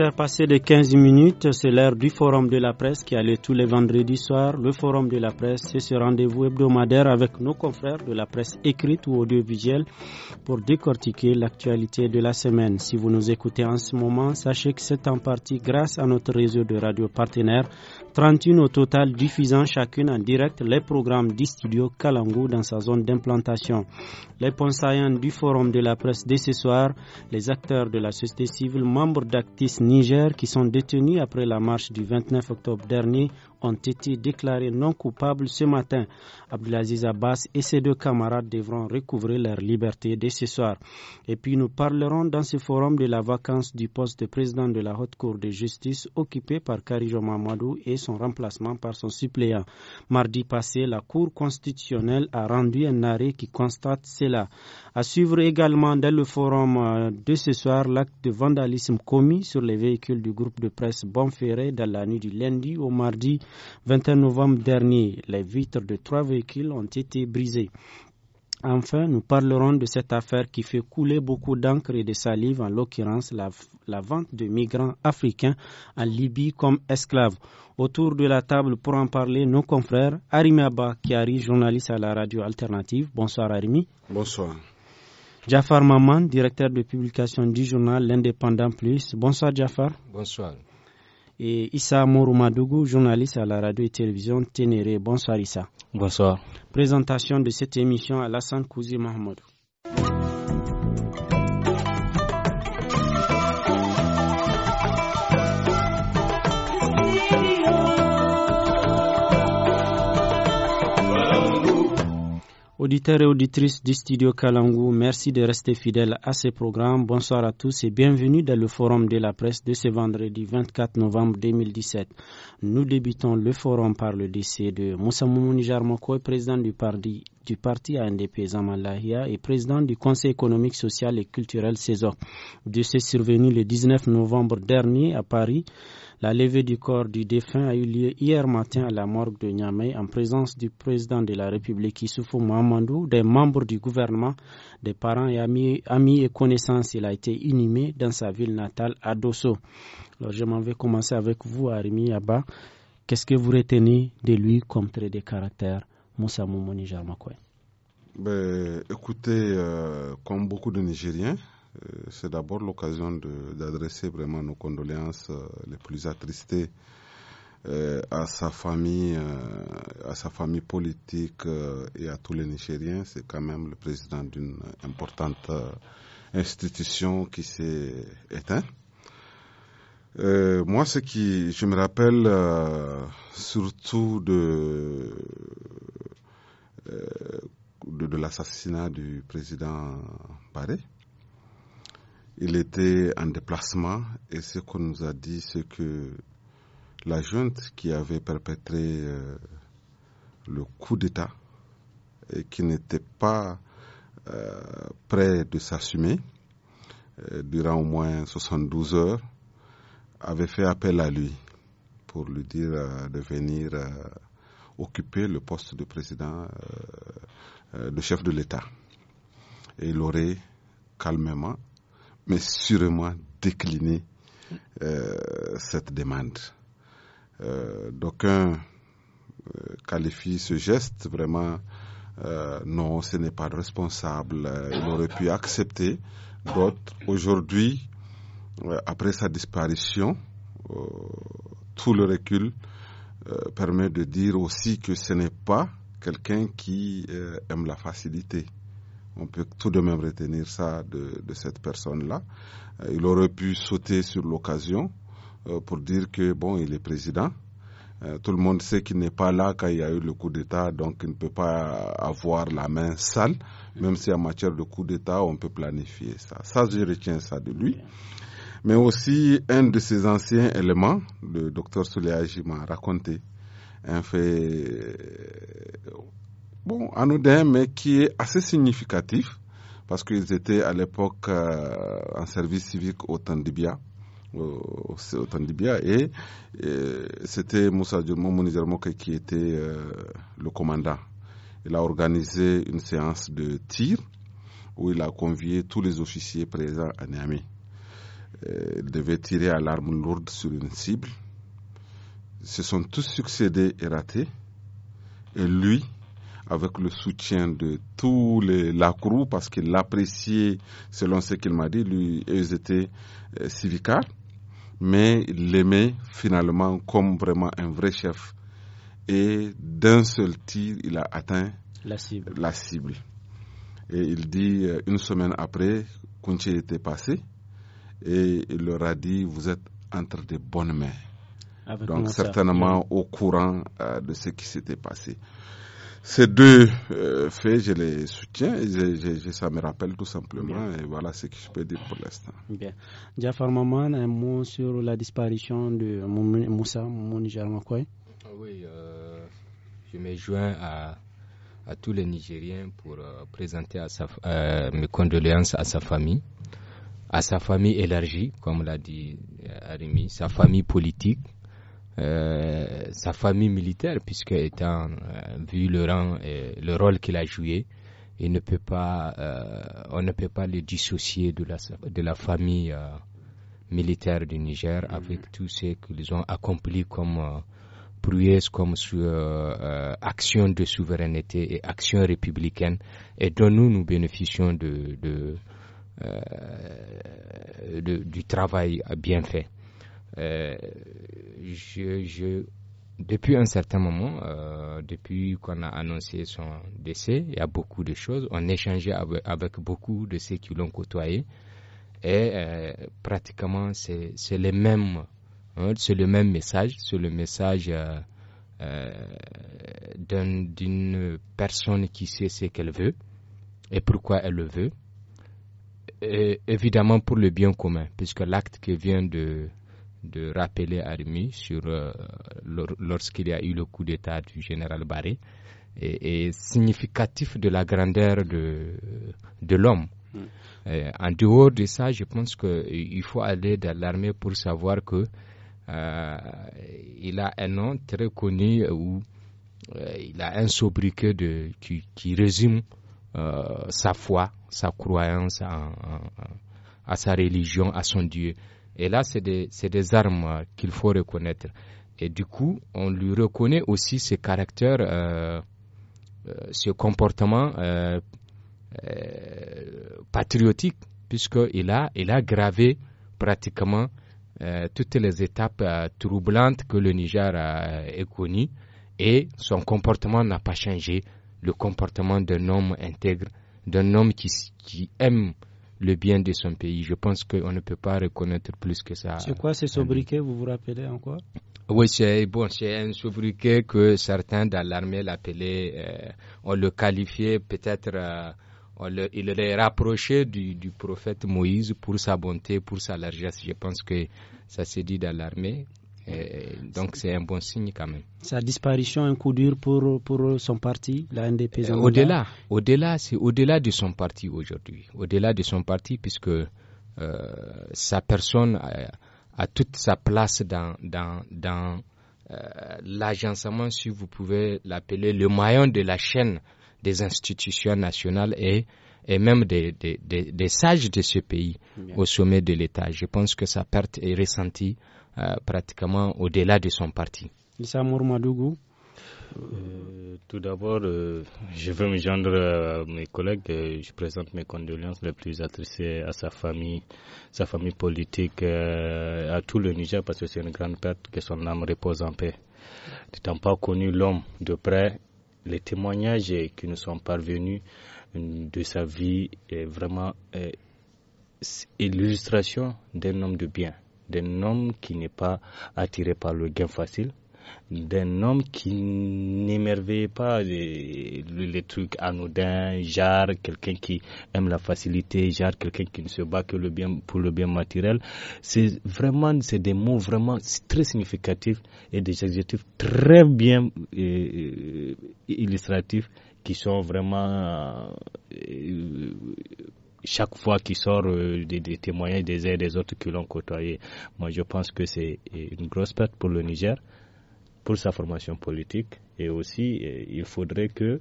8 de 15 minutes, c'est l'heure du Forum de la presse qui allait tous les vendredis soirs. Le Forum de la presse, c'est ce rendez-vous hebdomadaire avec nos confrères de la presse écrite ou audiovisuelle pour décortiquer l'actualité de la semaine. Si vous nous écoutez en ce moment, sachez que c'est en partie grâce à notre réseau de radio partenaires 31 au total diffusant chacune en direct les programmes du studio Kalangou dans sa zone d'implantation. Les pensants du forum de la presse de ce soir, les acteurs de la société civile membres d'Actis Niger qui sont détenus après la marche du 29 octobre dernier ont été déclarés non coupables ce matin. Abdelaziz Abbas et ses deux camarades devront recouvrer leur liberté dès ce soir. Et puis nous parlerons dans ce forum de la vacance du poste de président de la Haute Cour de justice occupé par Karijo Mamadou et son remplacement par son suppléant. Mardi passé, la Cour constitutionnelle a rendu un arrêt qui constate cela. À suivre également dans le forum euh, de ce soir l'acte de vandalisme commis sur les véhicules du groupe de presse Bonferré dans la nuit du lundi au mardi 21 novembre dernier. Les vitres de trois véhicules ont été brisées. Enfin, nous parlerons de cette affaire qui fait couler beaucoup d'encre et de salive, en l'occurrence la, vente de migrants africains en Libye comme esclaves. Autour de la table pour en parler, nos confrères, Arimi Abba, qui arrive journaliste à la radio alternative. Bonsoir Arimi. Bonsoir. Jafar Maman, directeur de publication du journal L'Indépendant Plus. Bonsoir Jafar. Bonsoir. Et Issa Madougou, journaliste à la radio et télévision Ténéré. Bonsoir Issa. Bonsoir. Présentation de cette émission à l'Assange Kouzi Mahmoud. Auditeurs et auditrices du studio Kalangu, merci de rester fidèles à ces programmes. Bonsoir à tous et bienvenue dans le forum de la presse de ce vendredi 24 novembre 2017. Nous débutons le forum par le décès de Moussa Moumouni Jarmokoy, président du parti, du parti ANDP Zamalahia et président du Conseil économique, social et culturel CESOC. De ce survenu le 19 novembre dernier à Paris, la levée du corps du défunt a eu lieu hier matin à la morgue de Niamey en présence du président de la République Issoufou Mahamadou, des membres du gouvernement, des parents et amis, et connaissances. Il a été inhumé dans sa ville natale à Dosso. Alors je m'en vais commencer avec vous, Arimi Abba. Qu'est-ce que vous retenez de lui comme trait de caractère, Moussa Moumouni Jarmakoué ben, Écoutez, euh, comme beaucoup de Nigériens, euh, c'est d'abord l'occasion d'adresser vraiment nos condoléances euh, les plus attristées euh, à sa famille, à sa famille politique et à tous les Nigériens. C'est quand même le président d'une importante institution qui s'est éteinte. moi, ce qui, je me rappelle surtout de, l'assassinat du président Barré, il était en déplacement et ce qu'on nous a dit, c'est que la junte qui avait perpétré euh, le coup d'État et qui n'était pas euh, de s'assumer euh, durant au moins 72 heures avait fait appel à lui pour lui dire euh, de venir occuper le poste de président, de chef de l'État. Et il aurait calmement mais sûrement décliner euh, cette demande. Euh, D'aucuns euh, qualifient ce geste vraiment euh, non, ce n'est pas responsable, il aurait pu accepter. D'autres, aujourd'hui, après sa disparition, tout le recul permet de dire aussi que ce n'est pas quelqu'un qui aime la facilité. On peut tout de même retenir ça de, cette personne-là. Euh, il aurait pu sauter sur l'occasion euh, pour dire que, bon, il est président. Euh, tout le monde sait qu'il n'est pas là quand il y a eu le coup d'État, donc il ne peut pas avoir la main sale, même si en matière de coup d'État, on peut planifier ça. Ça, je retiens ça de lui mais aussi un de ses anciens éléments, le docteur Souleyaji m'a raconté un fait bon, anodin, mais qui est assez significatif, parce qu'ils étaient à l'époque euh, en service civique au Tandibia. Au, et, c'était Moussa Moke qui était euh, le commandant. Il a organisé une séance de tir où il a convié tous les officiers présents à Niamey. Euh, il devait tirer à l'arme lourde sur une cible. Ils se sont tous succédés et ratés. Et lui, avec le soutien de tous les lacrous parce qu'il l'appréciait selon ce qu'il m'a dit, lui, ils étaient euh, civiques mais il l'aimait finalement comme vraiment un vrai chef. Et d'un seul tir, il a atteint la cible. Et il dit, euh, une semaine après, Kunche était passé et il leur a dit, vous êtes entre de bonnes mains. Donc certainement au courant euh, de ce qui s'était passé. Ces deux euh, faits, je les soutiens et ça me rappelle tout simplement. Et voilà ce que je peux dire pour l'instant. Bien. Jafar Maman, un mot sur la disparition de Moussa mon ah Oui, euh, je me joins à, tous les Nigériens pour euh, présenter mes condoléances à sa famille, à sa famille élargie, comme l'a dit Arimi, sa famille politique euh, sa famille militaire, puisque étant euh, vu le rang et le rôle qu'il a joué, il ne peut pas, euh, on ne peut pas le dissocier de la, de la famille militaire du Niger mm-hmm. avec tout ce qu'ils ont accompli comme prouesse comme action de souveraineté et action républicaine et dont nous nous bénéficions de, du travail bien fait. Euh, je, depuis un certain moment, euh, depuis qu'on a annoncé son décès, il y a beaucoup de choses. On échangeait avec, avec beaucoup de ceux qui l'ont côtoyé. Et euh, pratiquement, c'est les mêmes. Hein, c'est le même message. C'est le message d'une personne qui sait ce qu'elle veut et pourquoi elle le veut. évidemment pour le bien commun, puisque l'acte qui vient de de rappeler Armi sur euh, lorsqu'il y a eu le coup d'État du général Barré et, significatif de la grandeur de, de l'homme. Mm. Euh, en dehors de ça, je pense qu'il euh, faut aller dans l'armée pour savoir que il a un nom très connu où il a un sobriquet de, qui, qui résume sa foi, sa croyance à sa religion, à son Dieu. Et là, c'est des, armes euh, qu'il faut reconnaître. Et du coup, on lui reconnaît aussi ce caractère, ce euh, euh, comportement patriotique, puisqu'il a, il a gravé pratiquement toutes les étapes troublantes que le Niger a, connu. connues. Et son comportement n'a pas changé. Le comportement d'un homme intègre, d'un homme qui aime le bien de son pays. Je pense qu'on ne peut pas reconnaître plus que ça. C'est quoi ce sobriquet vous vous rappelez encore oui, c'est bon, c'est un sobriquet que certains dans l'armée l'appelaient, euh, on le qualifiait peut-être, euh, le, il les rapproché du, du, prophète Moïse pour sa bonté, pour sa largesse. Je pense que ça s'est dit dans l'armée donc c'est un bon signe quand même. Sa disparition, un coup dur pour, pour son parti, la NDP euh, Au-delà, au-delà, c'est au-delà de son parti aujourd'hui. Au-delà de son parti, puisque euh, sa personne a, toute sa place dans, dans, euh, l'agencement, si vous pouvez l'appeler, le maillon de la chaîne des institutions nationales et et même des, des, sages de ce pays au sommet de l'État. Je pense que sa perte est ressentie euh, pratiquement au-delà de son parti. Issa Mourmadougou euh, tout d'abord, euh, je veux me joindre à mes collègues. je présente mes condoléances les plus adressées à sa famille, sa famille politique, à tout le Niger, parce que c'est une grande perte que son âme repose en paix. N'étant pas connu l'homme de près, les témoignages qui nous sont parvenus de sa vie est vraiment illustration d'un homme de bien d'un homme qui n'est pas attiré par le gain facile, d'un homme qui n'émerveille pas les, trucs anodins, genre quelqu'un qui aime la facilité, genre quelqu'un qui ne se bat que le bien, pour le bien matériel. C'est vraiment, c'est des mots vraiment très significatifs et des adjectifs très bien euh, euh, illustratifs qui sont vraiment euh, chaque fois qu'il sort euh, des, témoignages des uns et des autres qui l'ont côtoyé. Moi, je pense que c'est euh, une grosse perte pour le Niger, pour sa formation politique. Et aussi, euh, il faudrait que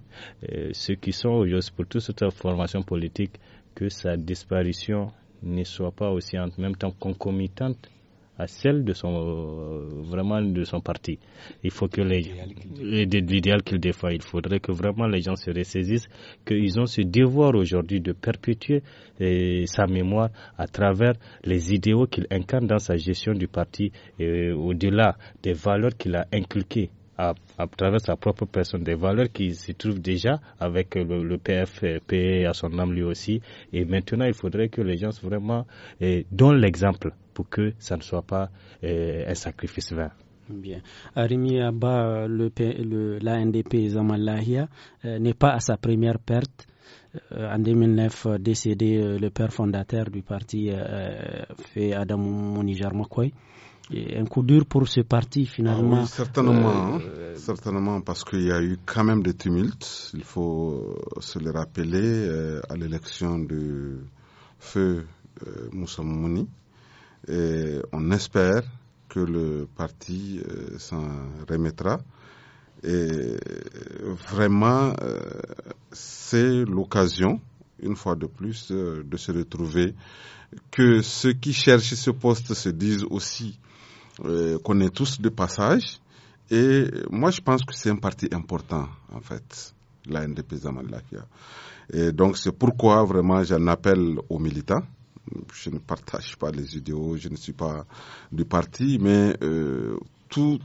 ceux qui sont aujourd'hui pour toute cette formation politique, que sa disparition ne soit pas aussi en même temps concomitante à celle de son euh, vraiment de son parti. Il faut que les l'idéal qu'il défend, il faudrait que vraiment les gens se ressaisissent qu'ils ont ce devoir aujourd'hui de perpétuer sa mémoire à travers les idéaux qu'il incarne dans sa gestion du parti et au-delà des valeurs qu'il a inculquées à, travers sa propre personne, des valeurs qui se trouvent déjà avec le, le, PFP à son âme lui aussi. Et maintenant, il faudrait que les gens vraiment eh, donnent l'exemple pour que ça ne soit pas eh, un sacrifice vain. Bien. Arimi Abba, le, l'ANDP Zamalahia, eh, n'est pas à sa première perte. Euh, en 2009, euh, décédé euh, le père fondateur du parti, fait Adam Mounijar Makoy un coup dur pour ce parti finalement. Ah certainement, euh, hein. certainement, parce qu'il y a eu quand même des tumultes. Il faut se le rappeler euh, à l'élection de feu euh, Moussa Et on espère que le parti euh, s'en remettra. Et vraiment, c'est l'occasion, une fois de plus, de se retrouver. Que ceux qui cherchent ce poste se disent aussi euh, qu'on est tous de passage. Et moi, je pense que c'est un parti important, en fait, la NDP Zamalakia Et donc, c'est pourquoi vraiment j'en appelle aux militants. Je ne partage pas les idéaux, je ne suis pas du parti, mais euh, tout,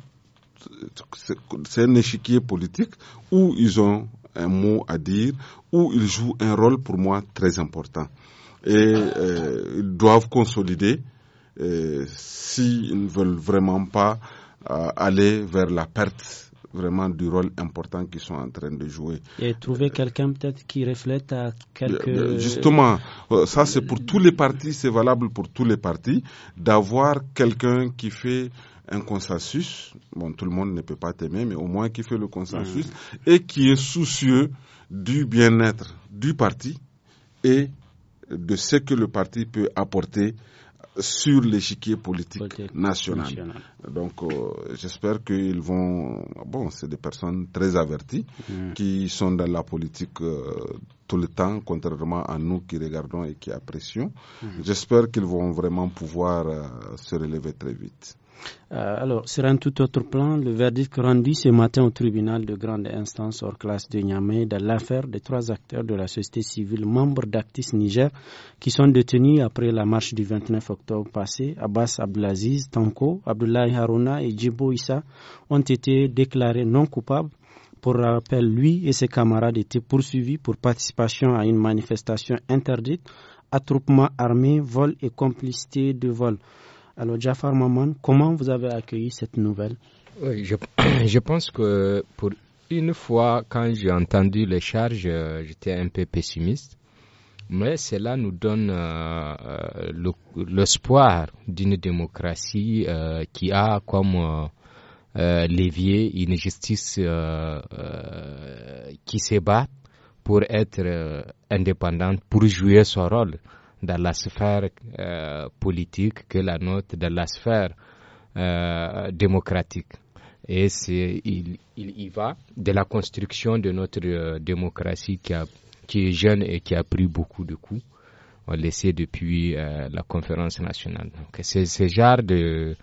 c'est un échiquier politique où ils ont un mot à dire, où ils jouent un rôle pour moi très important. Et euh, ils doivent consolider s'ils ne veulent vraiment pas euh, aller vers la perte vraiment du rôle important qu'ils sont en train de jouer. Et trouver quelqu'un peut-être qui reflète à quelques... Euh, euh, justement, ça c'est pour tous les partis, c'est valable pour tous les partis, d'avoir quelqu'un qui fait un consensus, bon tout le monde ne peut pas t'aimer, mais au moins qui fait le consensus, mmh. et qui est soucieux du bien-être du parti et de ce que le parti peut apporter sur l'échiquier politique, national. Donc, euh, j'espère qu'ils vont. Bon, c'est des personnes très averties mm. qui sont dans la politique euh, tout le temps, contrairement à nous qui regardons et qui apprécions. Mm. J'espère qu'ils vont vraiment pouvoir euh, se relever très vite. Euh, alors, sur un tout autre plan, le verdict rendu ce matin au tribunal de grande instance hors classe de Niamey dans l'affaire des trois acteurs de la société civile membres d'Actis Niger qui sont détenus après la marche du 29 octobre passé. Abbas Abdelaziz, Tanko, Abdoulaye Haruna et Djibo Issa ont été déclarés non coupables pour rappel, lui et ses camarades étaient poursuivis pour participation à une manifestation interdite, attroupement armé, vol et complicité de vol. Alors, Jafar Maman, comment vous avez accueilli cette nouvelle Oui, je, je pense que pour une fois, quand j'ai entendu les charges, euh, j'étais un peu pessimiste. Mais cela nous donne euh, euh, l'espoir d'une démocratie qui a comme levier une justice qui se bat pour être indépendante, pour jouer son rôle dans la sphère euh, politique que la nôtre dans la sphère euh, démocratique. Et il, il y va de la construction de notre euh, démocratie qui, a, qui, est jeune et qui a pris beaucoup de coups. On le sait depuis euh, la conférence nationale. Donc, ce genre de,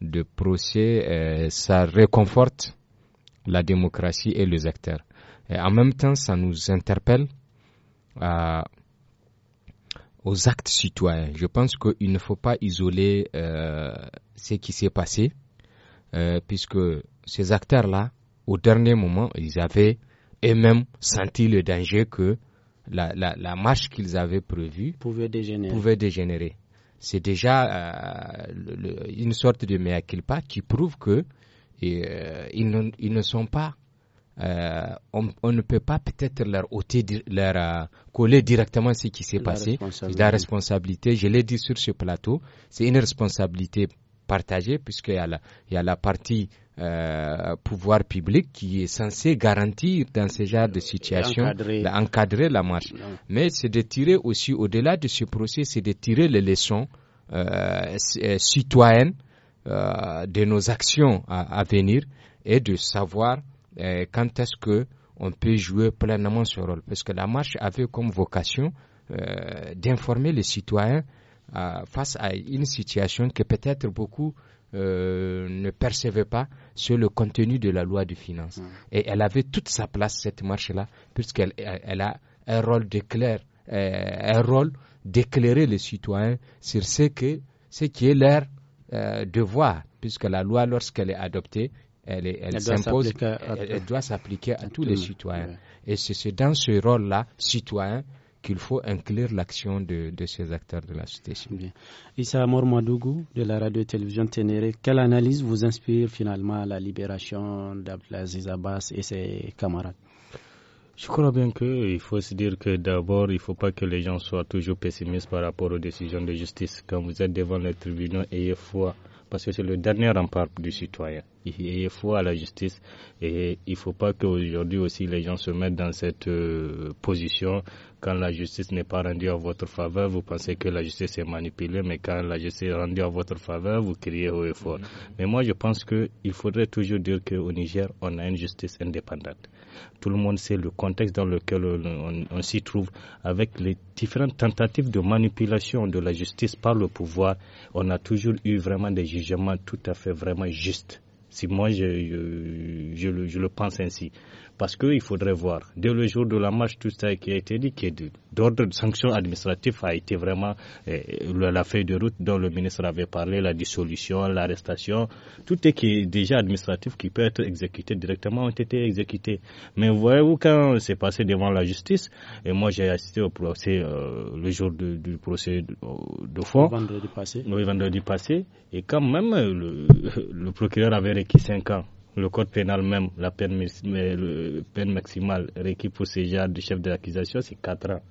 de procès, ça réconforte la démocratie et les acteurs. Et en même temps, ça nous interpelle à aux actes citoyens. Je pense qu'il ne faut pas isoler euh, ce qui s'est passé, euh, puisque ces acteurs-là, au dernier moment, ils avaient eux-mêmes senti le danger que la, la, marche qu'ils avaient prévue pouvait dégénérer. C'est déjà euh, une sorte de mea culpa qui prouve que ils ne sont pas euh, on, ne peut pas peut-être leur ôter, leur euh, coller directement ce qui s'est passé. La responsabilité, je l'ai dit sur ce plateau, c'est une responsabilité partagée puisqu'il y a la, il y la partie euh, pouvoir public qui est censée garantir dans ce genre de situation, encadrer. la marche. Mais c'est de tirer aussi, au-delà de ce procès, c'est de tirer les leçons citoyennes de nos actions à, venir et de savoir euh, quand est-ce que on peut jouer pleinement ce rôle Parce que la marche avait comme vocation euh, d'informer les citoyens euh, face à une situation que peut-être beaucoup ne percevaient pas sur le contenu de la loi de finances. Et elle avait toute sa place, cette marche-là, puisqu'elle a un rôle un d'éclairer les citoyens sur ce, que, ce qui est leur devoir, puisque la loi, lorsqu'elle est adoptée, elle, elle, elle s'impose, elle, doit s'appliquer à, tous les citoyens. Et c'est dans ce rôle-là, citoyen, qu'il faut inclure l'action de, ces acteurs de la société civile. Issa Amor Madougou, de la radio-télévision Ténéré, quelle analyse vous inspire finalement à la libération d'Abdelaziz Abbas et ses camarades je crois bien qu'il faut se dire que d'abord, il ne faut pas que les gens soient toujours pessimistes par rapport aux décisions de justice. Quand vous êtes devant les tribunaux, ayez foi, parce que c'est le dernier rempart du citoyen il faut à la justice et il faut pas qu'aujourd'hui aussi les gens se mettent dans cette euh, position quand la justice n'est pas rendue à votre faveur, vous pensez que la justice est manipulée, mais quand la justice est rendue à votre faveur, vous criez haut et fort. Mm-hmm. Mais moi, je pense qu'il faudrait toujours dire qu'au Niger, on a une justice indépendante. Tout le monde sait le contexte dans lequel on, on s'y trouve, avec les différentes tentatives de manipulation de la justice par le pouvoir. On a toujours eu vraiment des jugements tout à fait vraiment justes si moi je, je, je, le, je le pense ainsi parce qu'il faudrait voir. Dès le jour de la marche, tout ça qui a été dit, qui est d'ordre de sanctions administratives, a été vraiment eh, la feuille de route dont le ministre avait parlé, la dissolution, l'arrestation, tout ce qui est déjà administratif qui peut être exécuté directement ont été exécutés. Mais voyez-vous, quand c'est passé devant la justice, et moi j'ai assisté au procès euh, le jour du, procès de, fond, le vendredi passé. et quand même le, le procureur avait requis 5 ans le code pénal même, la peine, maximale requise pour ces genre de chef de l'accusation, c'est 4 ans.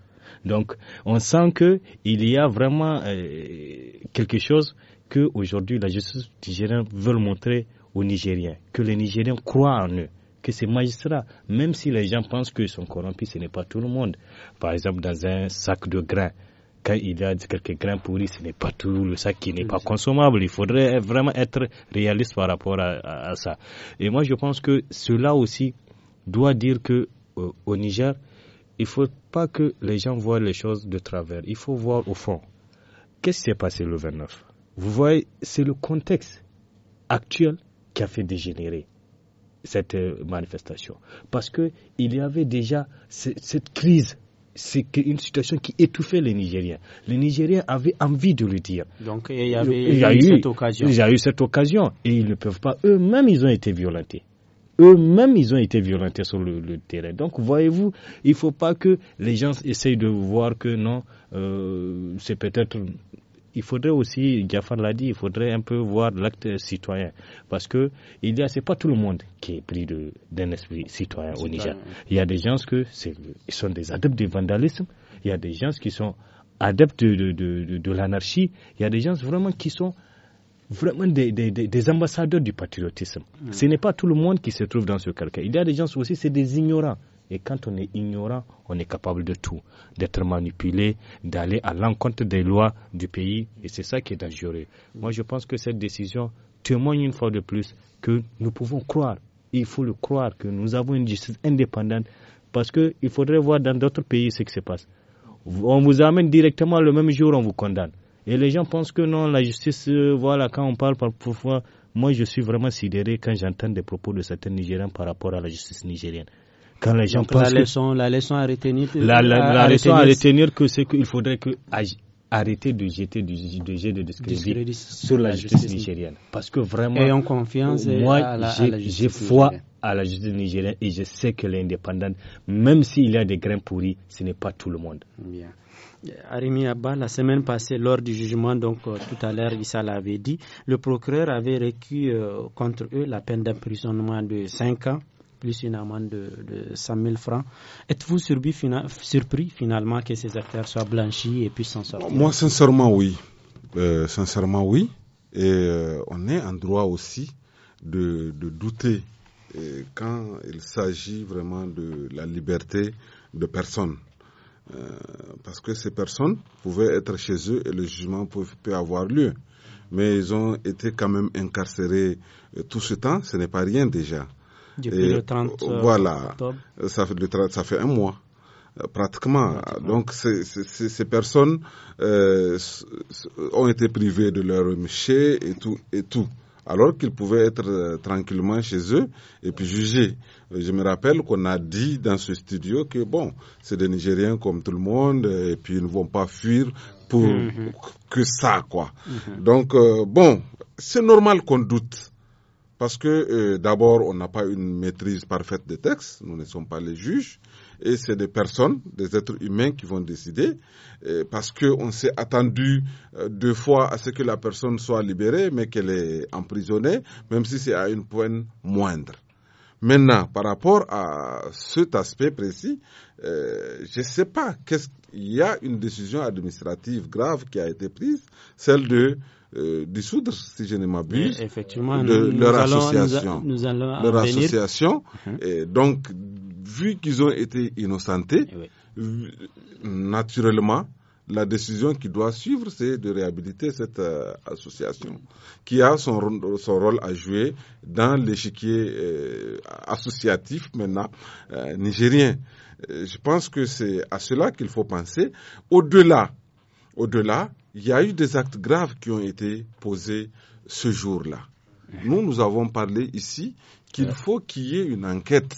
Donc, on sent qu'il y a vraiment euh, quelque chose qu'aujourd'hui la justice nigérienne veut montrer aux Nigériens, que les Nigériens croient en eux, que ces magistrats, même si les gens pensent qu'ils sont corrompus, ce n'est pas tout le monde. Par exemple, dans un sac de grains, quand il y a quelques grains pourris, ce n'est pas tout le sac qui n'est pas consommable. Il faudrait vraiment être réaliste par rapport à, ça. Et moi, je pense que cela aussi doit dire que euh, au Niger, il ne faut pas que les gens voient les choses de travers. Il faut voir au fond. Qu'est-ce qui s'est passé le 29 Vous voyez, c'est le contexte actuel qui a fait dégénérer cette euh, manifestation. Parce qu'il y avait déjà cette crise c'est une situation qui étouffait les Nigériens. Les Nigériens avaient envie de le dire. Donc il y, avait, a eu cette occasion. Il eu cette occasion et ils ne peuvent pas. Eux-mêmes, ils ont été violentés. Eux-mêmes, ils ont été violentés sur le, terrain. Donc voyez-vous, il ne faut pas que les gens essayent de voir que non, euh, c'est peut-être il faudrait aussi, Giafar l'a dit, il faudrait un peu voir l'acte citoyen. Parce que il y a, c'est pas tout le monde qui est pris d'un esprit citoyen au Niger. Il y a des gens qui sont des adeptes du vandalisme, il y a des gens qui sont adeptes de, l'anarchie, il y a des gens vraiment qui sont vraiment des, ambassadeurs du patriotisme. Ce n'est pas tout le monde qui se trouve dans ce calcaire. Il y a des gens aussi, c'est des ignorants. Et quand on est ignorant, on est capable de tout, d'être manipulé, d'aller à l'encontre des lois du pays. Et c'est ça qui est dangereux. Moi, je pense que cette décision témoigne une fois de plus que nous pouvons croire. Il faut le croire que nous avons une justice indépendante parce qu'il faudrait voir dans d'autres pays ce qui se passe. On vous amène directement le même jour, on vous condamne. Et les gens pensent que non, la justice, euh, voilà, quand on parle parfois, moi je suis vraiment sidéré quand j'entends des propos de certains Nigériens par rapport à la justice nigérienne. Quand les gens pensent la, leçon, à retenir, la, leçon à retenir que c'est qu'il faudrait que arrêter de jeter du de jet de discrédit sur la, justice, nigérienne. Parce que vraiment, moi, j'ai foi à la justice nigérienne et je sais que l'indépendante, même s'il y a des grains pourris, ce n'est pas tout le monde. Bien. Arimi Abba, la semaine passée, lors du jugement, donc euh, tout à l'heure, Issa l'avait dit, le procureur avait récu euh, contre eux la peine d'emprisonnement de 5 ans plus une amende de, 100 000 francs. Êtes-vous surpris, finalement que ces acteurs soient blanchis et puissent s'en sortir Moi, sincèrement, oui. Euh, sincèrement, oui. Et euh, on est en droit aussi de, douter euh, quand il s'agit vraiment de la liberté de personnes. parce que ces personnes pouvaient être chez eux et le jugement pouvait peut avoir lieu. Mais ils ont été quand même incarcérés tout ce temps, ce n'est pas rien déjà. Euh, voilà, ça fait, ça fait un mois euh, pratiquement. Donc, ces, personnes euh, ont été privées de leur chez et tout, et tout. Alors qu'ils pouvaient être euh, tranquillement chez eux et puis juger. Je me rappelle qu'on a dit dans ce studio que bon, c'est des Nigériens comme tout le monde et puis ils ne vont pas fuir pour mhm. que ça, quoi. Mhm. Donc, bon, c'est normal qu'on doute. Parce que euh, d'abord, on n'a pas une maîtrise parfaite des textes, nous ne sommes pas les juges, et c'est des personnes, des êtres humains qui vont décider, euh, parce qu'on s'est attendu euh, deux fois à ce que la personne soit libérée, mais qu'elle est emprisonnée, même si c'est à une peine moindre. Maintenant, par rapport à cet aspect précis, je ne sais pas. Qu'est-ce, il y a une décision administrative grave qui a été prise, celle de euh, dissoudre, si je ne m'abuse, de, leur, association, leur association. Uh-huh. donc, vu qu'ils ont été innocentés, eh naturellement, la décision qui doit suivre, c'est de réhabiliter cette euh, association qui a son, son, rôle à jouer dans l'échiquier euh, associatif maintenant euh, nigérien. je pense que c'est à cela qu'il faut penser. Au-delà, au-delà, il y a eu des actes graves qui ont été posés ce jour-là. Nous, nous avons parlé ici qu'il faut qu'il y ait une enquête,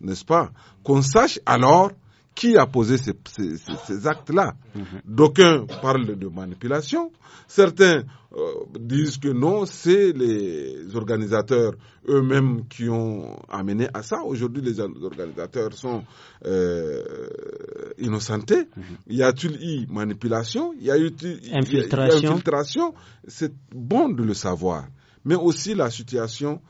n'est-ce pas Qu'on sache alors qui a posé ces, actes-là. Mhm. D'aucuns parlent de manipulation, certains euh, disent que non, c'est les organisateurs eux-mêmes qui ont amené à ça. Aujourd'hui, les organisateurs sont euh, innocentés. Mhm. Y a-t-il eu manipulation Y a-t-il infiltration, infiltration C'est bon de le savoir, mais aussi la situation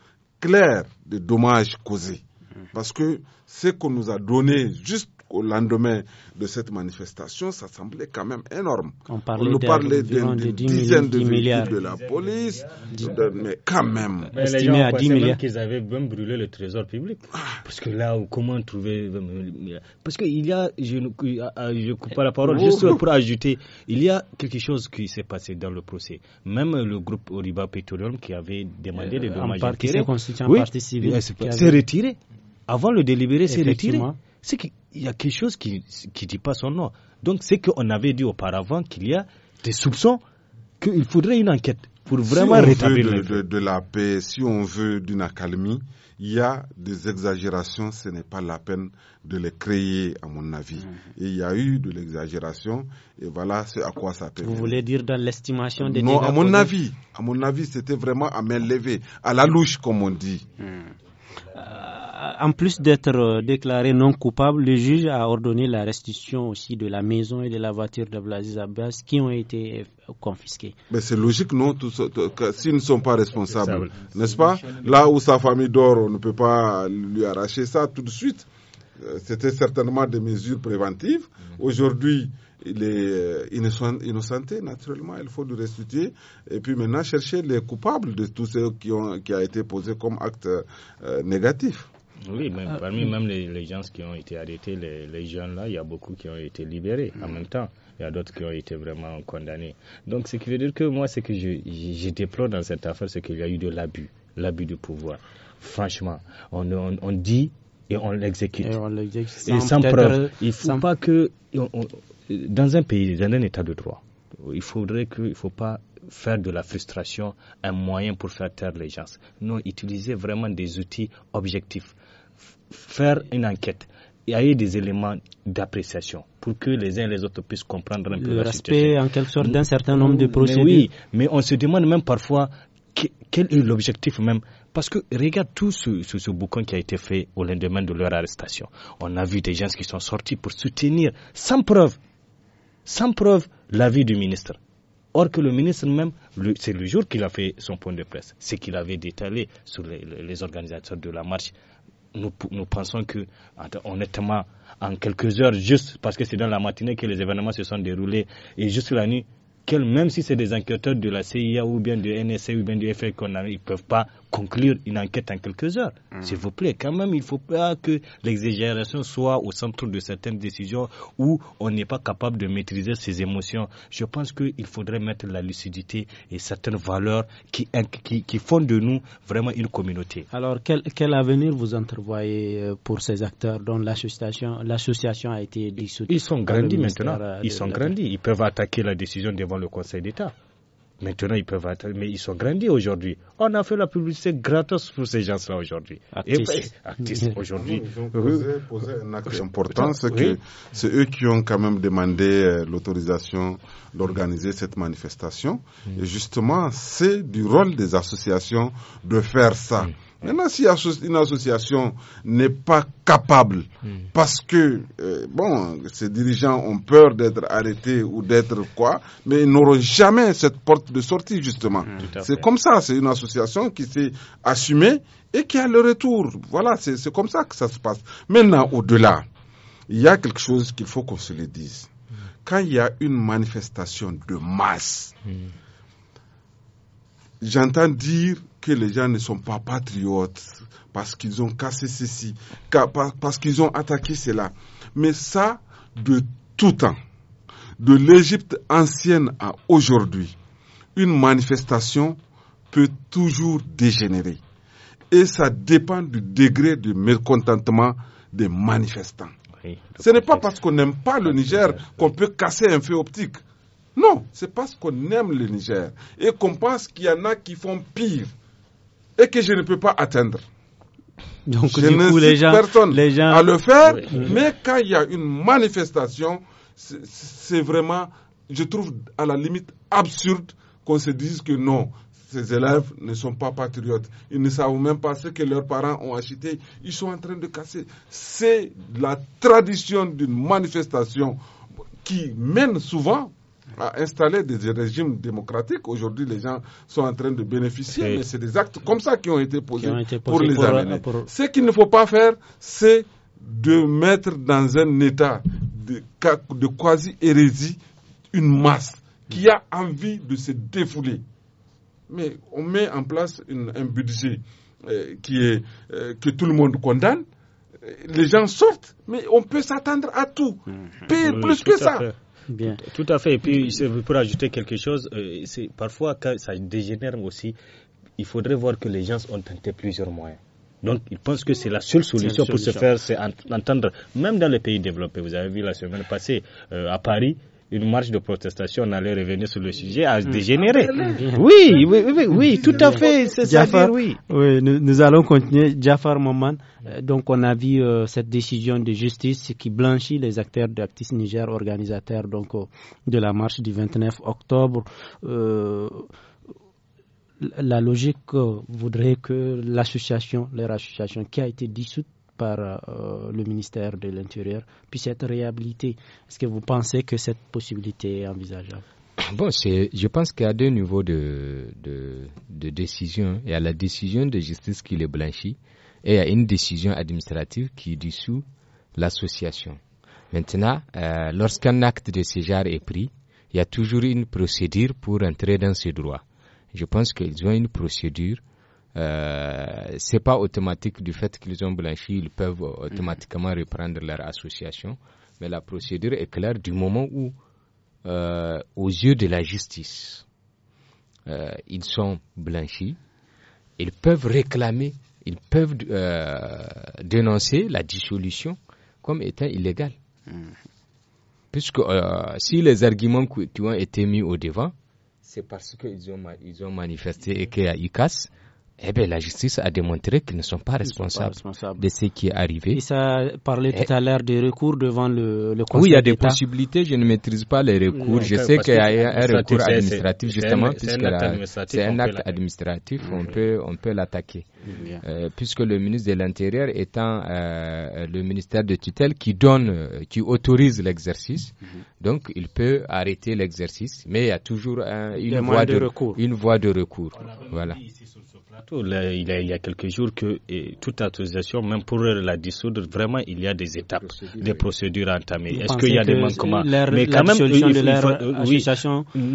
claire des dommages causés. Mhm. Parce que ce qu'on nous a donné juste au lendemain de cette manifestation, ça semblait quand même énorme. On, nous parlait d'une dizaine de véhicules de la police, mais quand même. Mais les gens à 10 milliards. qu'ils avaient même brûlé le trésor public. Ah. Parce que là, comment trouver. Parce qu'il y a. Je ne coupe pas la parole, oh. juste pour ajouter, il y a quelque chose qui s'est passé dans le procès. Même le groupe Oriba Petroleum qui avait demandé euh, des dommages. Qui s'est retiré avant le délibéré, s'est retiré c'est qu'il y a quelque chose qui ne dit pas son nom. Donc, c'est qu'on avait dit auparavant qu'il y a des soupçons qu'il faudrait une enquête pour vraiment si on veut de, la paix, si on veut d'une accalmie, il y a des exagérations, ce n'est pas la peine de les créer, à mon avis. Mhm. Et il y a eu de l'exagération, et voilà ce à quoi ça peut. Vous voulez dire dans l'estimation des Non, à mon avis, à mon avis, c'était vraiment à main levée, à la louche, comme on dit. Hmm. Euh, euh, en plus d'être euh, déclaré non coupable, le juge a ordonné la restitution aussi de la maison et de la voiture de Blaise Abbas qui ont été euh, confisquées. Mais c'est logique, non S'ils ne sont pas responsables, n'est-ce pas Là où sa famille dort, on ne peut pas lui arracher ça tout de suite. C'était certainement des mesures préventives. Aujourd'hui, il est innocenté, naturellement, il faut le restituer. Et puis maintenant, chercher les coupables de tout ce qui, ont, a été posé comme acte négatif. Oui, même, parmi même les, gens qui ont été arrêtés, les, les jeunes là, il y a beaucoup qui ont été libérés en même temps. Il y a d'autres qui ont été vraiment condamnés. Donc, ce qui veut dire que moi, ce que je, je, déplore dans cette affaire, c'est qu'il y a eu de l'abus, l'abus du pouvoir. Franchement, on, on, dit et on l'exécute. Et, on sans, sans preuve. Il ne faut pas que. dans un pays, dans un état de droit, il faudrait que. Il faut pas faire de la frustration un moyen pour faire taire les gens. Non, utiliser vraiment des outils objectifs faire une enquête il y a eu des éléments d'appréciation pour que les uns et les autres puissent comprendre un peu le respect en quelque sorte d'un certain nombre de procédures. Mais oui, mais on se demande même parfois quel est l'objectif même. Parce que regarde tout ce, ce, bouquin qui a été fait au lendemain de leur arrestation. On a vu des gens qui sont sortis pour soutenir sans preuve, sans preuve, l'avis du ministre. Or que le ministre même, c'est le jour qu'il a fait son point de presse, c'est qu'il avait détalé sur les organisateurs de la marche, nous, pensons que, honnêtement, en quelques heures, juste parce que c'est dans la matinée que les événements se sont déroulés, et juste la nuit, même si c'est des enquêteurs de la CIA ou bien du NSA ou bien du FF qu'on ils peuvent pas conclure une enquête en quelques heures. Mmh. S'il vous plaît, quand même, il ne faut pas que l'exagération soit au centre de certaines décisions où on n'est pas capable de maîtriser ses émotions. Je pense qu'il faudrait mettre la lucidité et certaines valeurs qui, font de nous vraiment une communauté. Alors, quel, avenir vous entrevoyez euh, pour ces acteurs dont l'association a été dissoute Ils sont grandis maintenant. Euh, Ils sont grandis. Ils peuvent attaquer la décision devant le Conseil d'État. Maintenant, ils peuvent être, mais ils sont grandis aujourd'hui. On a fait la publicité gratos pour ces gens-là aujourd'hui. Actifs, artistes eh, aujourd'hui. Ils ont posé, euh, un acte important, c'est que c'est eux qui ont quand même demandé euh, l'autorisation d'organiser cette manifestation. Mm. Et justement, c'est du rôle des associations de faire ça. Mm. Maintenant, si une association n'est pas capable, hmm. parce que, euh, bon, ces dirigeants ont peur d'être arrêtés ou d'être quoi, mais ils n'auront jamais cette porte de sortie, justement. Hmm. c'est comme ça, c'est une association qui s'est assumée et qui a le retour. Voilà, c'est comme ça que ça se passe. Maintenant, au-delà, il y a quelque chose qu'il faut qu'on se le dise. Hmm. Quand il y a une manifestation de masse, j'entends dire les gens ne sont pas patriotes parce qu'ils ont cassé ceci, parce qu'ils ont attaqué cela. Mais ça, de tout temps, de l'Égypte ancienne à aujourd'hui, une manifestation peut toujours dégénérer. Et ça dépend du degré de mécontentement des manifestants. Ce n'est pas parce qu'on n'aime pas le Niger qu'on peut casser un feu optique. Non, c'est parce qu'on aime le Niger et qu'on pense qu'il y en a qui font pire et que je ne peux pas atteindre. Donc, je les gens, personne les gens... à le faire, mm-hmm. mais quand il y a une manifestation, c'est vraiment, je trouve à la limite absurde qu'on se dise que non, ces élèves ne sont pas patriotes. Ils ne savent même pas ce que leurs parents ont acheté. Ils sont en train de casser. C'est la tradition d'une manifestation qui mène souvent a installer des régimes démocratiques. Aujourd'hui, les gens sont en train de bénéficier, mais c'est des actes comme ça qui ont été posés, pour les amener. Ce qu'il ne faut pas faire, c'est de mettre dans un état de, quasi-hérésie une masse qui a envie de se défouler. Mais on met en place un budget euh, qui est, euh, que tout le monde condamne. Les gens sortent, mais on peut s'attendre à tout. Mmh. plus que ça. Tout, à fait. Et puis, pour ajouter quelque chose, euh, parfois, quand ça dégénère aussi, il faudrait voir que les gens ont tenté plusieurs moyens. Donc, ils pensent que c'est la seule solution pour se faire, c'est entendre, même dans les pays développés. Vous avez vu la semaine passée euh, à Paris, une marche de protestation, on allait revenir sur le sujet, a mm. dégénéré. Ah, oui, oui, oui, oui tout à fait, c'est ça, oui. Oui, nous, allons continuer. Jafar Moman. Euh, donc on a vu euh, cette décision de justice qui blanchit les acteurs d'Actis Niger, organisateurs donc, euh, de la marche du 29 octobre. la logique voudrait que l'association, leur association qui a été dissoute, par euh, le ministère de l'Intérieur puisse être réhabilité. Est-ce que vous pensez que cette possibilité est envisageable Bon, c'est, je pense qu'il y a deux niveaux de, de, décision. Il y a la décision de justice qui les blanchit et il y a une décision administrative qui dissout l'association. Maintenant, euh, lorsqu'un acte de ce est pris, il y a toujours une procédure pour entrer dans ces droits. Je pense qu'ils ont une procédure ce euh, c'est pas automatique du fait qu'ils ont blanchi, ils peuvent automatiquement mhm. reprendre leur association. Mais la procédure est claire du moment où, euh, aux yeux de la justice, euh, ils sont blanchis, ils peuvent réclamer, ils peuvent dénoncer la dissolution comme étant illégale. Mhm. Puisque si les arguments qui ont été mis au devant, c'est parce qu'ils ont, ils ont manifesté et qu'il y a ICAS, eh bien, la justice a démontré qu'ils ne sont pas, responsables, de ce qui est arrivé. ça parlait eh. tout à l'heure des recours devant le, le Conseil Oui, il y a des possibilités. Je ne maîtrise pas les recours. je sais qu'il y a un recours administratif, justement, puisque c'est un acte administratif. On mhm. peut, on peut l'attaquer. Euh, puisque le ministre de l'Intérieur étant euh, le ministère de tutelle qui donne, euh, qui autorise l'exercice, mhm. Donc, il peut arrêter l'exercice, mais il y a toujours une, voie de, recours. une voie de recours. voilà. il, y a, quelques jours que toute autorisation, même pour la dissoudre, vraiment, il y a des étapes, des procédures entamées. Est-ce qu'il y a des manquements Mais quand même, il, de oui,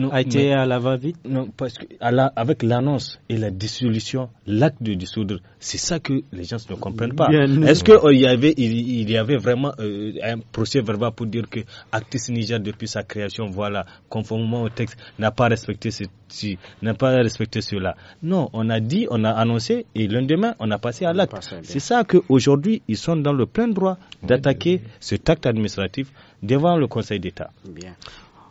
a été à la va-vite Non, parce qu'avec avec l'annonce et la dissolution, l'acte de dissoudre, c'est ça que les gens ne comprennent pas. Est-ce qu'il oh, y avait, il, y avait vraiment euh, un procès verbal pour dire que Actis Niger depuis sa création, voilà, conformément au texte, n'a pas respecté ceci, n'a pas respecté cela. Non, on a dit, on a annoncé, et le lendemain, on a passé à l'acte. C'est ça qu'aujourd'hui, ils sont dans le plein droit d'attaquer ce cet acte administratif devant le Conseil d'État.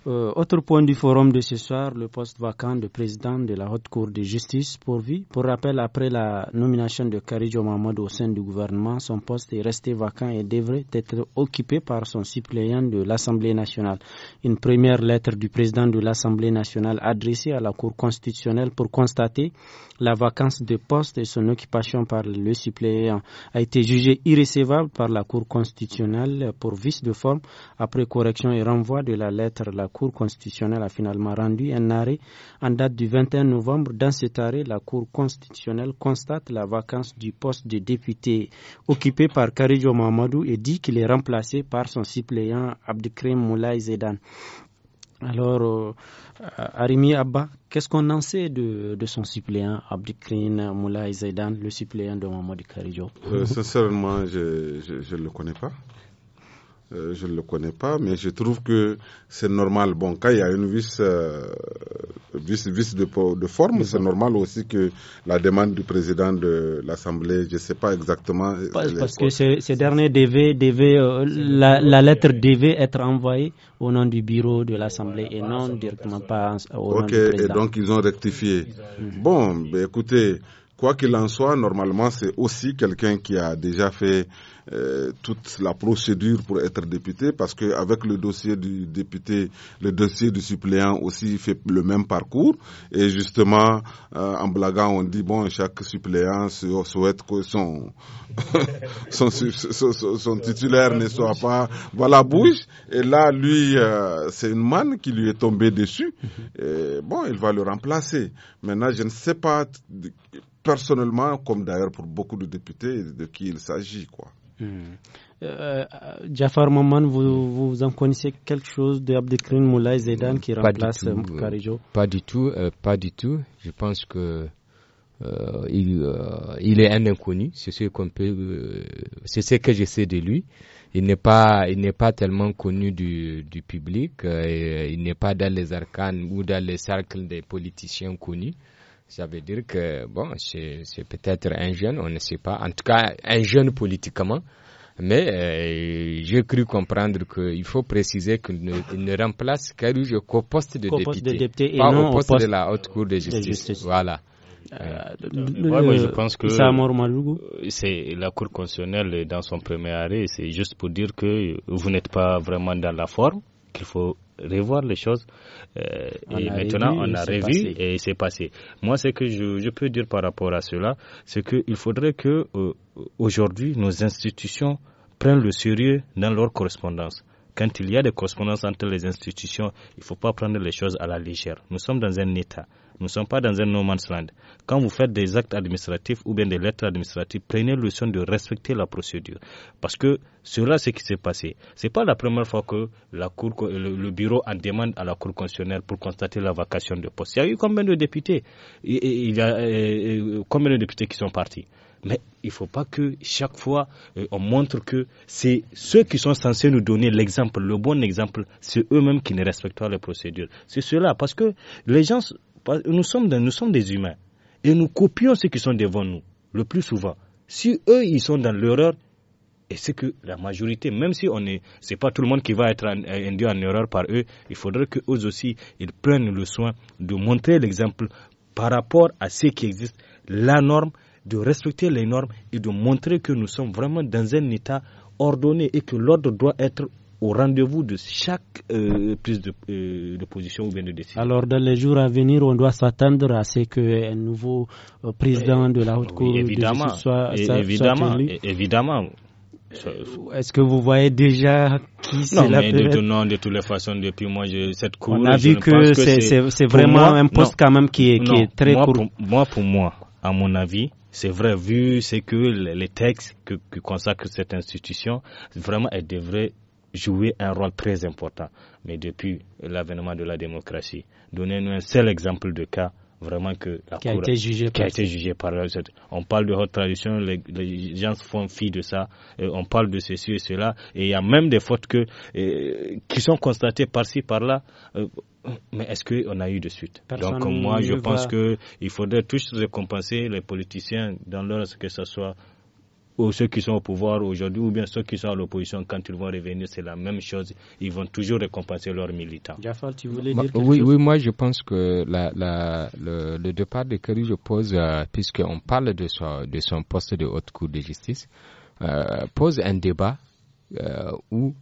Euh, autre point du forum de ce soir, le poste vacant de président de la Haute Cour de justice pour vie. Pour rappel, après la nomination de Karidjo Mahmoud au sein du gouvernement, son poste est resté vacant et devrait être occupé par son suppléant de l'Assemblée nationale. Une première lettre du président de l'Assemblée nationale adressée à la Cour constitutionnelle pour constater la vacance de poste et son occupation par le suppléant a été jugée irrécevable par la Cour constitutionnelle pour vice de forme. Après correction et renvoi de la lettre, la Cour constitutionnelle a finalement rendu un arrêt en date du 21 novembre. Dans cet arrêt, la Cour constitutionnelle constate la vacance du poste de député occupé par Karidjo Mamadou et dit qu'il est remplacé par son suppléant Abdoukrim Moulay Zedan. Alors, euh, Arimi Abba, qu'est-ce qu'on en sait de, son suppléant, Abdikrin Moulay Zaidan, le suppléant de Mamadou Karidjo euh, Sincèrement, je ne le connais pas. Euh, je ne le connais pas, mais je trouve que c'est normal. Bon, quand il y a une vice euh, vis, de, de forme, c'est normal aussi que la demande du président de l'Assemblée, je ne sais pas exactement. Euh, parce, que ces, derniers devaient, euh, devaient la, lettre devait être envoyée au nom du bureau de l'Assemblée et non directement pas au nom du président. Ok, et donc ils ont rectifié. Bon, ben, écoutez, quoi qu'il en soit, normalement, c'est aussi quelqu'un qui a déjà fait euh, toute la procédure pour être député, parce que avec le dossier du député, le dossier du suppléant aussi fait le même parcours. Et justement, euh, en blaguant, on dit bon, chaque suppléant souhaite que son son, titulaire ne soit pas voilà bouge. Et là, lui, euh, c'est une manne qui lui est tombée dessus. Et bon, il va le remplacer. Maintenant, je ne sais pas personnellement, comme d'ailleurs pour beaucoup de députés, de qui il s'agit, quoi. Euh, euh, Jafar Maman, vous, vous en connaissez quelque chose de Abdelkrim Moulay Zedan qui pas remplace euh, euh, Karijo Pas du tout, pas du tout. Je pense que il, il, est un inconnu, c'est ce qu'on peut, c'est ce que je sais de lui. Il n'est pas, il n'est pas tellement connu du, du public, il n'est pas dans les arcanes ou dans les cercles des politiciens connus. Ça veut dire que, bon, c'est peut-être un jeune, on ne sait pas. En tout cas, un jeune politiquement. Mais euh, j'ai cru comprendre qu'il faut préciser qu'il ne, remplace Karouge qu'au poste de député, de député pas au poste, de la haute cour de justice. Voilà. Euh, moi, je euh, pense que c'est la Cour constitutionnelle dans son premier arrêt, c'est juste pour dire que vous n'êtes pas vraiment dans la forme qu'il faut revoir les choses. Euh, et maintenant, on a revu et c'est passé. Moi, ce que je, peux dire par rapport à cela, c'est qu'il faudrait que euh, aujourd'hui nos institutions prennent le sérieux dans leur correspondance quand il y a des correspondances entre les institutions, il ne faut pas prendre les choses à la légère. Nous sommes dans un État. Nous ne sommes pas dans un no man's land. Quand vous faites des actes administratifs ou bien des lettres administratives, prenez le son de respecter la procédure. Parce que cela, c'est ce qui s'est passé. Ce n'est pas la première fois que le, bureau en demande à la Cour constitutionnelle pour constater la vacation de poste. Il y a eu combien de députés il y a, euh, euh, combien de députés qui sont partis mais il ne faut pas que chaque fois euh, on montre que c'est ceux qui sont censés nous donner l'exemple, le bon exemple, c'est eux-mêmes qui ne respectent pas les procédures. C'est cela, parce que les gens, nous sommes, des, nous sommes des humains et nous copions ceux qui sont devant nous, le plus souvent. Si eux, ils sont dans l'erreur, et c'est que la majorité, même si on est, c'est pas tout le monde qui va être induit en erreur par eux, il faudrait qu'eux aussi, ils prennent le soin de montrer l'exemple par rapport à ce qui existe, la norme de respecter les normes et de montrer que nous sommes vraiment dans un État ordonné et que l'ordre doit être au rendez-vous de chaque euh, prise euh, de, position ou bien de décision. Alors, dans les jours à venir, on doit s'attendre à ce qu'un nouveau euh, président de la Haute Cour soit, évidemment, évidemment. Est-ce que vous voyez déjà qui c'est la de, Non, de toutes les façons, depuis moi, je, cette cour... On a vu que, c'est vraiment un poste quand même qui est, qui très court. moi, pour moi, à mon avis, c'est vrai, vu c'est que les textes que, consacre cette institution, vraiment, elle devrait jouer un rôle très important. Mais depuis l'avènement de la démocratie, donnez-nous un seul exemple de cas vraiment que la qui cour a été jugée par, jugé par on parle de haute tradition les, gens gens font fi de ça on parle de ceci et cela et il y a même des fautes que qui sont constatées par-ci par-là euh, mais est-ce qu'on a eu de suite Donc moi, je pense qu'il que il faudrait tous récompenser les politiciens dans leur que ce soit ou ceux qui sont au pouvoir aujourd'hui ou bien ceux qui sont à l'opposition, quand ils vont revenir, c'est la même chose. Ils vont toujours récompenser leurs militants. tu voulais bah, dire quelque oui, Oui, moi je pense que le, départ de Kerry, je pose, euh, puisqu'on parle de son, de son poste de haute cour de justice, euh, pose un débat euh, ou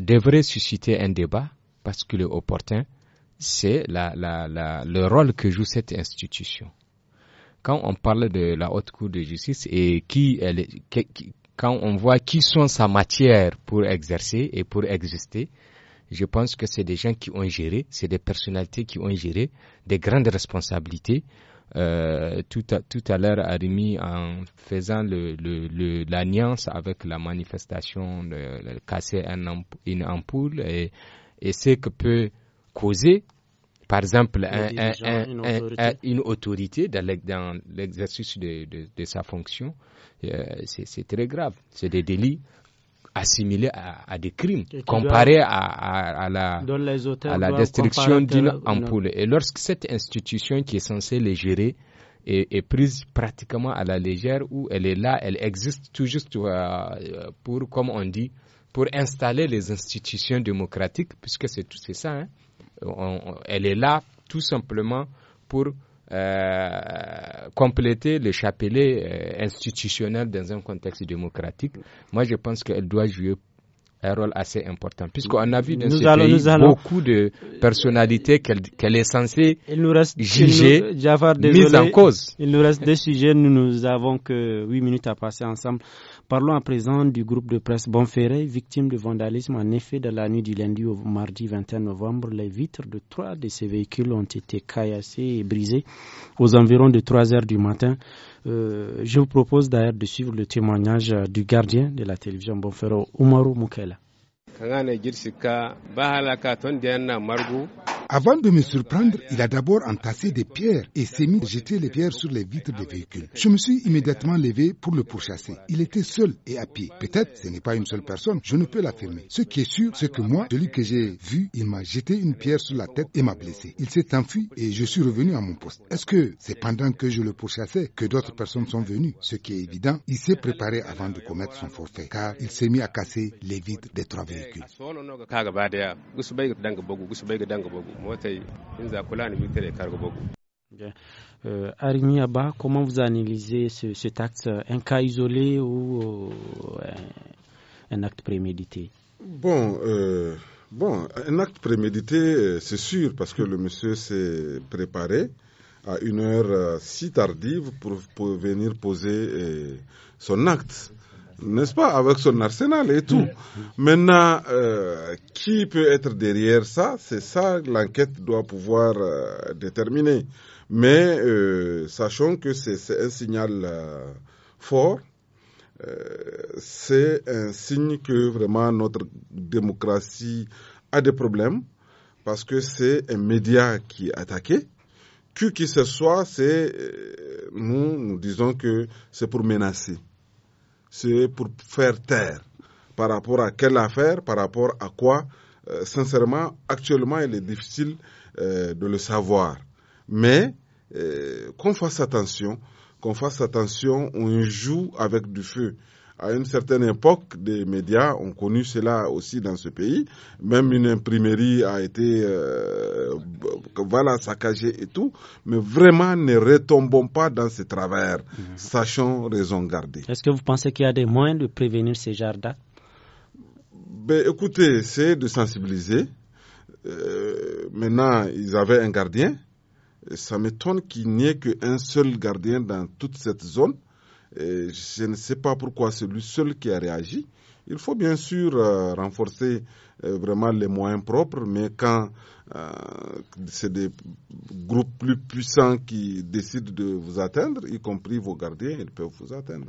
devrait susciter un débat parce que est opportun, c'est la, le rôle que joue cette institution quand on parle de la haute cour de justice et qui, elle quand on voit qui sont sa matière pour exercer et pour exister, je pense que c'est des gens qui ont géré, c'est des personnalités qui ont géré des grandes responsabilités. Euh, tout à, tout à l'heure, Arimi, en faisant le, le, avec la manifestation, de casser une ampoule et, et ce que peut causer par exemple, une, autorité. dans l'exercice de, sa fonction, euh, c'est très grave. C'est des délits assimilés à, des crimes, comparés à, la, destruction d'une ampoule. Et lorsque cette institution qui est censée les gérer est, prise pratiquement à la légère, où elle est là, elle existe tout juste euh, pour, comme on dit, pour installer les institutions démocratiques, puisque c'est tout ça, hein, elle est là tout simplement pour euh, compléter le chapelet euh, institutionnel dans un contexte démocratique. Moi, je pense qu'elle doit jouer un rôle assez important, puisqu'on a vu dans beaucoup de personnalités qu'elle est censée juger, mise en cause. Il nous reste des sujets, nous, nous avons que huit minutes à passer ensemble. Parlons à présent du groupe de presse Bonferré, victime de vandalisme. En effet, dans la nuit du lundi au mardi 21 novembre, les vitres de trois de ces véhicules ont été caillassées et brisées aux environs de 3 heures du matin. Euh, je vous propose d'ailleurs de suivre le témoignage euh, du gardien de la télévision Bonferré, Umaru Mukela. Avant de me surprendre, il a d'abord entassé des pierres et s'est mis à jeter les pierres sur les vitres des véhicules. Je me suis immédiatement levé pour le pourchasser. Il était seul et à pied. Peut-être ce n'est pas une seule personne, je ne peux l'affirmer. Ce qui est sûr, c'est que moi, celui que j'ai vu, il m'a jeté une pierre sur la tête et m'a blessé. Il s'est enfui et je suis revenu à mon poste. Est-ce que c'est pendant que je le pourchassais que d'autres personnes sont venues Ce qui est évident, il s'est préparé avant de commettre son forfait car il s'est mis à casser les vitres des trois véhicules motay inza euh, Arimi comment vous analysez ce, cet acte Un cas isolé ou euh, un, acte prémédité Bon, euh, bon, un acte prémédité, euh, c'est sûr, parce que le monsieur s'est préparé à une heure si tardive pour, pour venir poser son acte n'est-ce pas, avec son arsenal et tout. Maintenant, euh, qui peut être derrière ça C'est ça l'enquête doit pouvoir euh, déterminer. Mais euh, sachant sachons que c'est un signal fort. c'est un signe que vraiment notre démocratie a des problèmes parce que c'est un média qui est attaqué. Que qui ce soit, c'est nous, nous disons que c'est pour menacer c'est pour faire taire. Par rapport à quelle affaire, par rapport à quoi euh, Sincèrement, actuellement, il est difficile euh, de le savoir. Mais euh, qu'on fasse attention, qu'on fasse attention, on joue avec du feu à une certaine époque, des médias ont connu cela aussi dans ce pays. Même une imprimerie a été euh, voilà, saccagée et tout. Mais vraiment, ne retombons pas dans ce travers. sachant mhm. Sachons raison garder. Est-ce que vous pensez qu'il y a des moyens de prévenir ces jardins ben, Écoutez, c'est de sensibiliser. Euh, maintenant, ils avaient un gardien. Ça m'étonne qu'il n'y ait qu'un seul gardien dans toute cette zone je ne sais pas pourquoi c'est lui seul qui a réagi. Il faut bien sûr euh, renforcer euh, vraiment les moyens propres, mais quand euh, c'est des groupes plus puissants qui décident de vous atteindre, y compris vos gardiens, ils peuvent vous atteindre.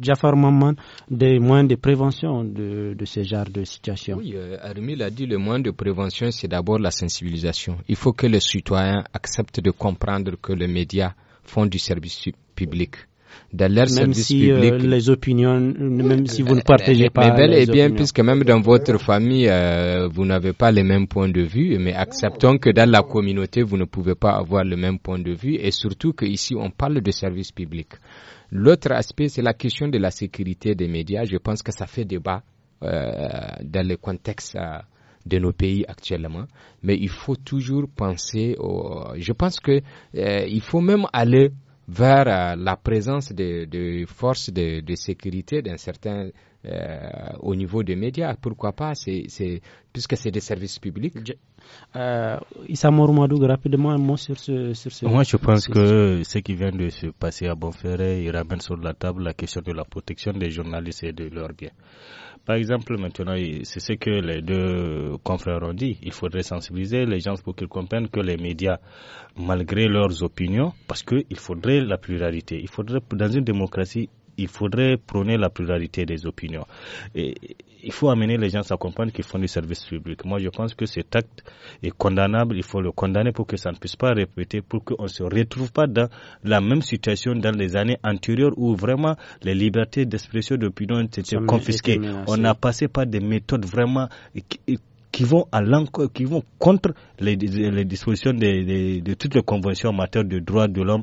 Jafar Maman, des moyens de prévention de, de ce genre de situation. Oui, Armi l'a dit, le moyen de prévention, c'est d'abord la sensibilisation. Il faut que les citoyens acceptent de comprendre que les médias font du service public même si, euh, les opinions, même si vous ne partagez pas. Mais bel et bien, puisque même dans votre famille, euh, vous n'avez pas les mêmes points de vue, mais acceptons que dans la communauté, vous ne pouvez pas avoir le même point de vue, et surtout qu'ici, on parle de service public. L'autre aspect, c'est la question de la sécurité des médias. Je pense que ça fait débat euh, dans le contexte de nos pays actuellement, mais il faut toujours penser. Au... Je pense que il faut même aller vers euh, la présence de, forces de, sécurité d'un certain euh, au niveau des médias. Pourquoi pas c'est, Puisque c'est des services publics. Je... Euh, rapidement un mot sur ce, sur Moi, je pense que ce qui vient de se passer à Bonferré, il ramène sur la table la question de la protection des journalistes et de leurs biens. Par exemple, maintenant, c'est ce que les deux confrères ont dit. Il faudrait sensibiliser les gens pour qu'ils comprennent que les médias, malgré leurs opinions, parce qu'il faudrait la pluralité, il faudrait, dans une démocratie, il faudrait prôner la pluralité des opinions. Et il faut amener les gens à comprendre qu'ils font du service public. Moi, je pense que cet acte est condamnable. Il faut le condamner pour que ça ne puisse pas répéter, pour qu'on ne se retrouve pas dans la même situation dans les années antérieures où vraiment les libertés d'expression d'opinion étaient confisquées. On n'a passé par des méthodes vraiment qui vont qui vont contre les, dispositions de, de, de, toutes les conventions en matière de droits de l'homme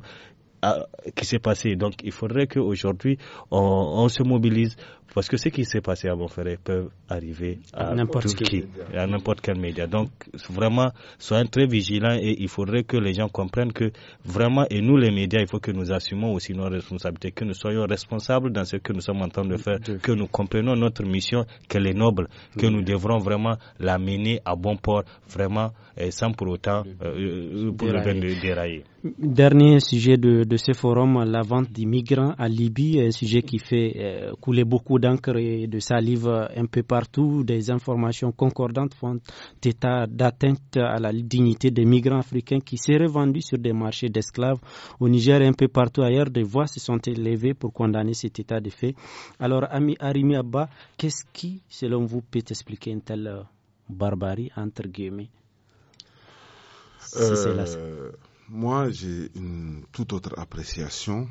qui s'est passé. Donc il faudrait qu'aujourd'hui on, on se mobilise parce que ce qui s'est passé à Montferré peut arriver à n'importe qui, à n'importe quel média. Donc, vraiment, soyons très vigilants et il faudrait que les gens comprennent que vraiment, et nous les médias, il faut que nous assumons aussi nos responsabilités, que nous soyons responsables dans ce que nous sommes en train de faire, que nous comprenons notre mission, qu'elle est noble, que nous devrons vraiment l'amener à bon port, vraiment, sans pour autant euh, euh, dérailler. dérailler. Dernier sujet de, ce forum, la vente d'immigrants à Libye, un sujet qui fait euh, couler beaucoup d'encre et de salive un peu partout. Des informations concordantes font état d'atteinte à la dignité des migrants africains qui seraient vendus sur des marchés d'esclaves au Niger et un peu partout ailleurs. Des voix se sont élevées pour condamner cet état de fait. Alors, Ami Arimi Abba, qu'est-ce qui, selon vous, peut expliquer une telle euh, barbarie, entre guillemets euh, Moi, j'ai une toute autre appréciation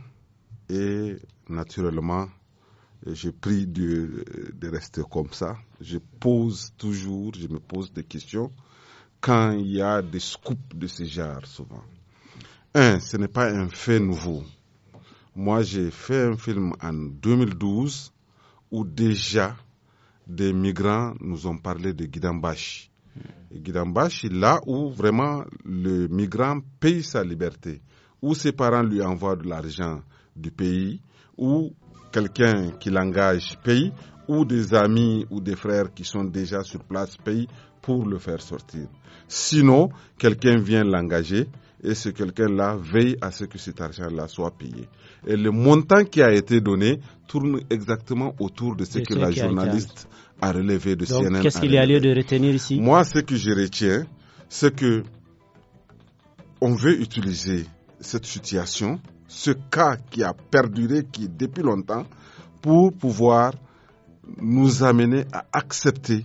et naturellement, je prie euh, de rester comme ça. Je pose toujours, je me pose des questions quand il y a des scoops de ce genre souvent. Un, ce n'est pas un fait nouveau. Moi, j'ai fait un film en 2012 où déjà des migrants nous ont parlé de Guidambashi. Et Guidambashi, là où vraiment le migrant paye sa liberté, où ses parents lui envoient de l'argent du pays, où quelqu'un qui l'engage paye ou des amis ou des frères qui sont déjà sur place payent pour le faire sortir. Sinon, quelqu'un vient l'engager et ce quelqu'un-là veille à ce que cet argent-là soit payé. Et le montant qui a été donné tourne exactement autour de ce que la journaliste a, relevé de CNN. Qu'est-ce qu'il y a lieu de retenir ici Moi, ce que je retiens, c'est que on veut utiliser cette situation ce cas qui a perduré, qui depuis longtemps, pour pouvoir nous amener à accepter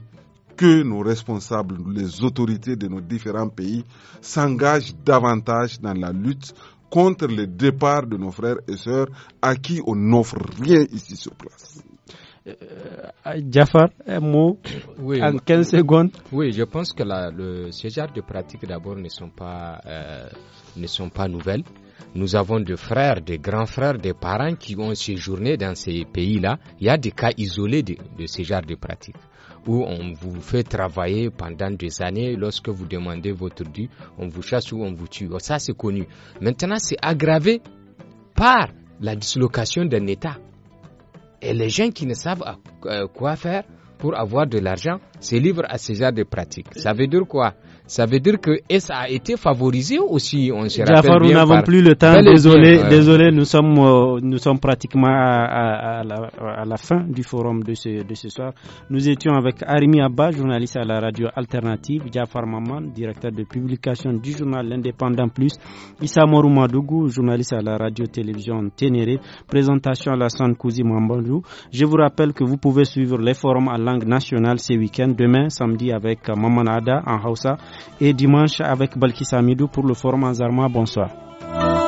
que nos responsables, les autorités de nos différents pays s'engagent davantage dans la lutte contre le départ de nos frères et sœurs à qui on n'offre rien ici sur place. Euh, euh, Jafar, un mot en 15 secondes. Oui, je pense que la, le, ce de pratiques d'abord ne sont pas euh, ne sont pas nouvelles. Nous avons des frères, des grands frères, des parents qui ont séjourné dans ces pays-là. Il y a des cas isolés de, ces ce genre de pratiques où on vous fait travailler pendant des années. Lorsque vous demandez votre dû, on vous chasse ou on vous tue. Oh, ça, c'est connu. Maintenant, c'est aggravé par la dislocation d'un État. Et les gens qui ne savent euh, quoi faire pour avoir de l'argent se livrent à ce genre de pratiques. Ça veut dire quoi ça veut dire que a été favorisé aussi, on se rappelle Jafar, nous n'avons plus le temps, désolé, désolé, nous sommes, euh, nous sommes pratiquement à, la, fin du forum de ce, de ce soir. Nous étions avec Arimi Abba, journaliste à la radio alternative, Jafar Maman, directeur de publication du journal L'Indépendant Plus, Issa Morou Madougou, journaliste à la radio-télévision Ténéré, présentation à la sonde Cousi Mambandou. Je vous rappelle que vous pouvez suivre les forums en langue nationale ce week-end, demain, samedi, avec Maman Ada en Hausa et dimanche avec Balkis Amidou pour le forum Azarma. Bonsoir.